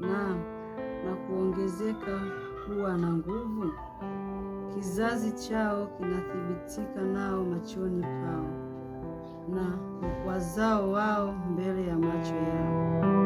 na na kuongezeka kuwa na nguvu. Kizazi chao kinathibitika nao machoni pao, na wazao wao mbele ya macho yao.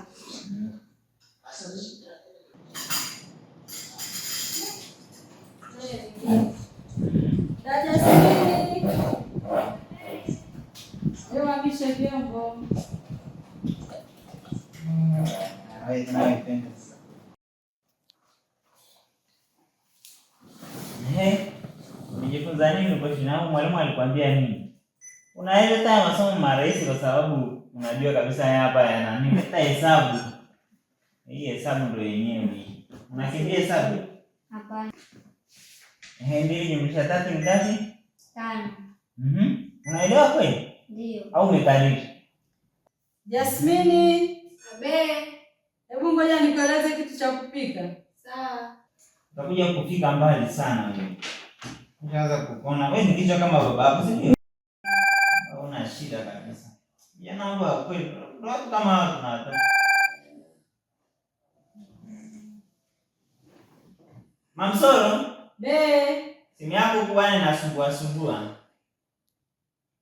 Safisha vyombo. Umejifunza nini kwa shina? Mwalimu alikwambia nini? Unaweza hata masomo marahisi kwa sababu unajua kabisa haya hapa yana nini? Hata hesabu. Hii hesabu ndio yenyewe. Unakimbia hesabu? Hapana. Eh, mbili jumlisha tatu ni ngapi? Tano. Mhm. Unaelewa kweli? Ndio. Au umekariri? Jasmini, Abe. Hebu ngoja nikueleze kitu cha kupika. Sawa. Utakuja kufika mbali sana wewe. Unaanza kukona. wewe ni kichwa kama babu, si ndio? Hauna shida kabisa. Jana mambo kweli. Watu kama hao tunataka. Mamsoro, be. Simu yangu kubwana inasumbua sumbua.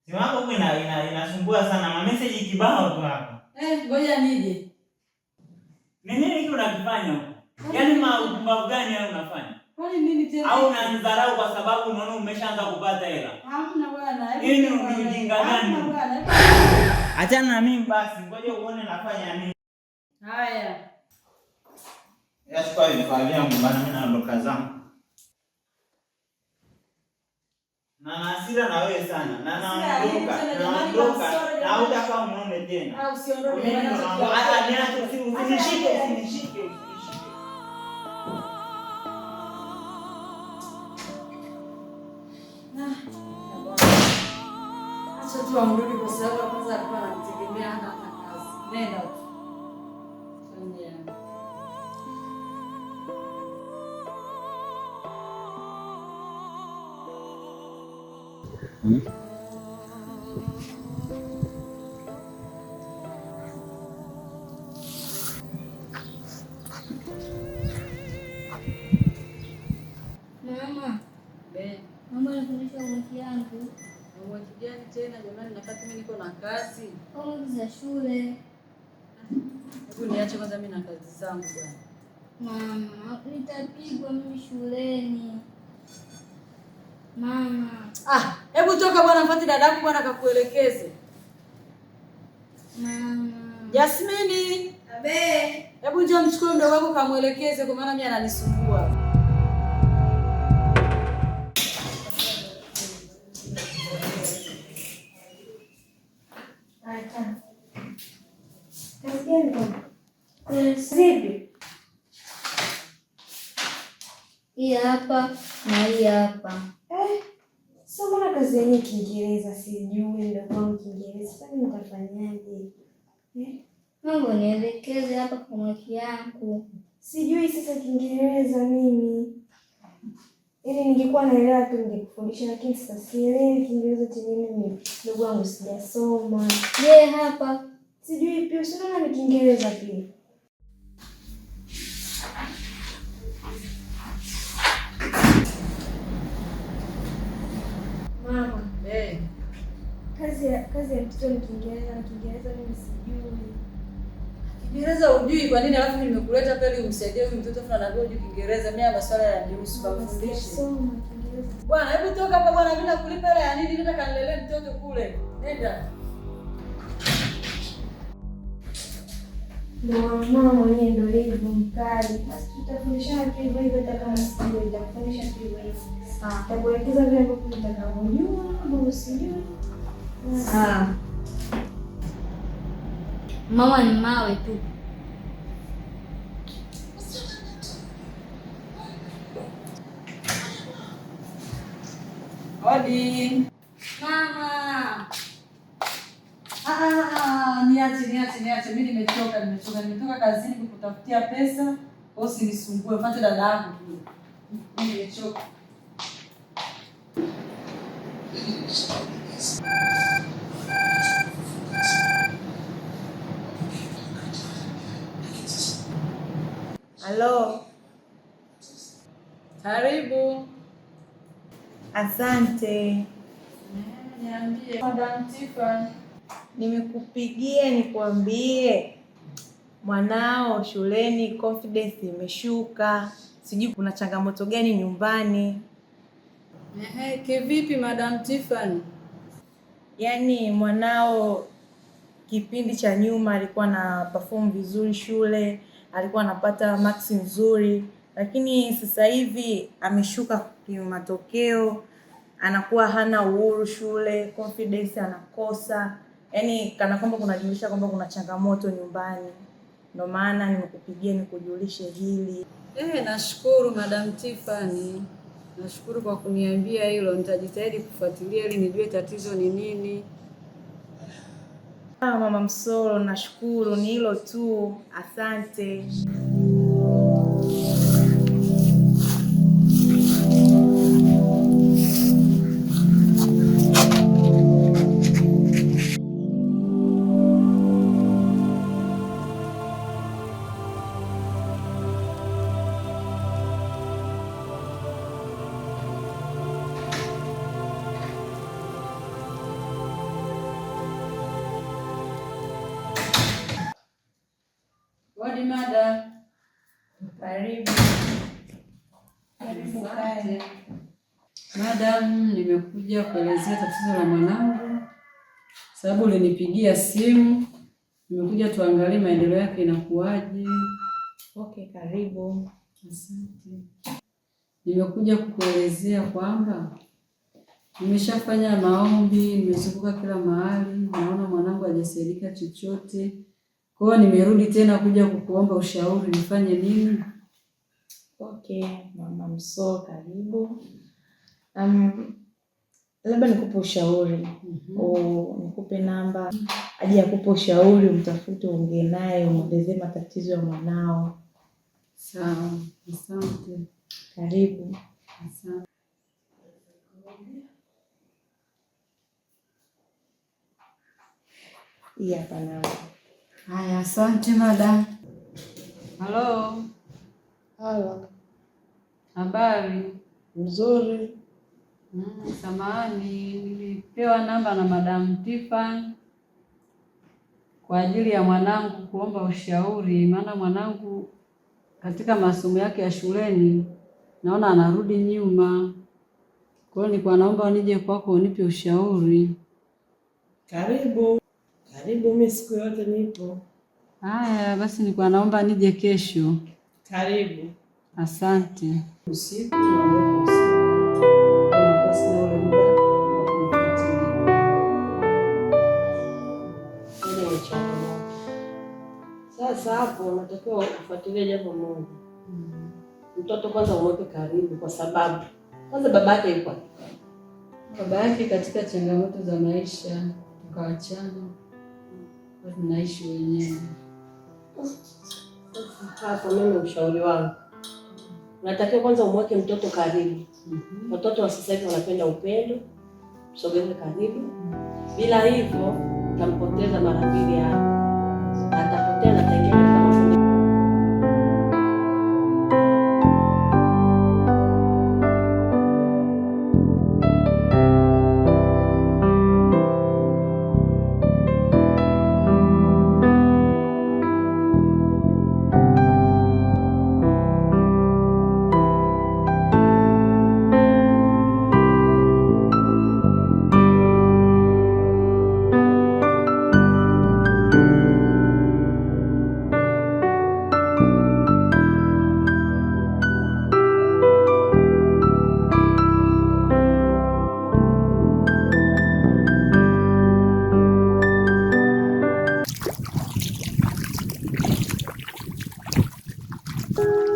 Simu yako huko ina ina inasumbua sana. Ma message kibao tu hapa. Eh, ngoja nije. Ni Nini kile unakifanya huko? Yaani ma upumbavu gani wewe unafanya? Kwani nini tena? Au unanidharau kwa sababu unaona umeshaanza kupata hela? Hamna bwana. Nini yaani ni ujinga gani? Achana na mimi basi. Ngoja uone nafanya nini. Haya. Yes, Yasipa vifaa vyangu bana, mimi naondoka zangu. na na hasira na wewe sana na naondoka naondoka na hutakaa muone tena, au usiondoke, hata niache, usinishike, usinishike ah, acha tu amrudi, kwa sababu kwanza alikuwa anamtegemea hapa kazi. Nenda huko. Hmm? Mama, eh. mama nafundisha yangu. Umwaki tena jamani, nakati mimi niko na kazi za shule. Hebu kwanza mimi na kazi zangu Mama, nitapigwa mimi shuleni. Mama. Ah, hebu toka bwana mfati dadako bwana kakuelekeze. Mama. Jasmini. Abe. Hebu njoo mchukue mdogo wako kamwelekeze kwa maana mimi ananisumbua. Hii hapa na hii hapa bado zenye Kiingereza sijui, ndio kwangu Kiingereza. Sasa nitafanyaje? Eh? Mungu nielekeze hapa kwa mwaki yangu, sijui sasa Kiingereza mimi, ili ningekuwa naelewa tu ningekufundisha, lakini sasa sielewi Kiingereza chenye mimi, ndugu wangu, sijasoma. Je, hapa sijui pia, usiona ni Kiingereza pia Kipsoni Kiingereza na Kiingereza mimi sijui. Kiingereza hujui kwa nini? Alafu nimekuleta pale umsaidie huyu mtoto fulani anajua Kiingereza. Mimi masuala ya nihusu kwa kufundisha. Bwana, hebu toka hapa bwana, mimi nakulipa hela ya nini? Nataka nilelee mtoto kule. Nenda. mama mwenyewe ndio yeye mkali. Basi tutafundishana tu hivyo hivyo kama sivyo tutafundisha tu hivyo hivyo. Sawa. Tutakuelekeza vile ambavyo utakavyojua, ambavyo sijui. Ah. Maua ni mawe tu. Odi. Mama. Ah, ah, ah, ah niache niache niache. Mimi nimechoka nimechoka nimetoka kazini kukutafutia pesa. Usinisumbue, mfate dada yangu tu. Mimi nimechoka. Halo, karibu. Asante. Niambie Madam Tiffany. Nimekupigia nikuambie mwanao shuleni confidence imeshuka, sijui kuna changamoto gani nyumbani? Ehe, kivipi Madam Tiffany? Yaani mwanao kipindi cha nyuma alikuwa na perform vizuri shule alikuwa anapata maksi nzuri, lakini sasa hivi ameshuka kimatokeo, anakuwa hana uhuru shule, confidence anakosa, yaani kana kwamba kunajulisha kwamba kuna changamoto nyumbani. Ndo maana nimekupigia nikujulishe hili. E, nashukuru Madam Tiffany, nashukuru kwa kuniambia hilo. Nitajitahidi kufuatilia ili nijue tatizo ni nini. Ah, Mama Msolo, nashukuru, ni hilo tu, asante. Karibu mada. Karibu. Karibu kae. Madam, nimekuja kuelezea tatizo la mwanangu, sababu ulinipigia simu. Nimekuja tuangalie maendeleo yake inakuwaje. Okay, karibu. Asante. Nimekuja kukuelezea kwamba nimeshafanya maombi, nimezunguka kila mahali, naona mwanangu hajasaidika chochote kwa hiyo nimerudi tena kuja kukuomba ushauri nifanye nini? Okay, mama Msoo, karibu. Um, labda nikupe ushauri mm -hmm. O, nikupe namba aje akupe ushauri, umtafute, ongee naye, umwelezee matatizo ya mwanao. Sawa, asante. Karibu. Asante. Hii hapa Haya, asante madam. Halo. Halo. Habari? Mzuri. Hmm, samahani, nilipewa namba na Madam Tiffany kwa ajili ya mwanangu kuomba ushauri, maana mwanangu katika masomo yake ya shuleni naona anarudi nyuma. Kwa hiyo nilikuwa naomba nije kwako unipe ushauri. Karibu. Karibu, mimi siku yote nipo. Haya basi, nilikuwa naomba nije kesho. Karibu. Asante. Usiku sasa, hapo unatakiwa ufuatilie jambo moja. Mtoto kwanza umweke karibu, kwa sababu kwanza baba yake yuko, baba yake katika changamoto za maisha, tukawachana tunaishi wenyewe. Hapo mimi ushauri wangu unatakiwa kwanza umweke mtoto karibu. Mhm. Watoto wa sasa hivi wanapenda upendo, msogeze karibu. Bila hivyo utampoteza mara mbili hapo, atapotea na ataingia Thank you.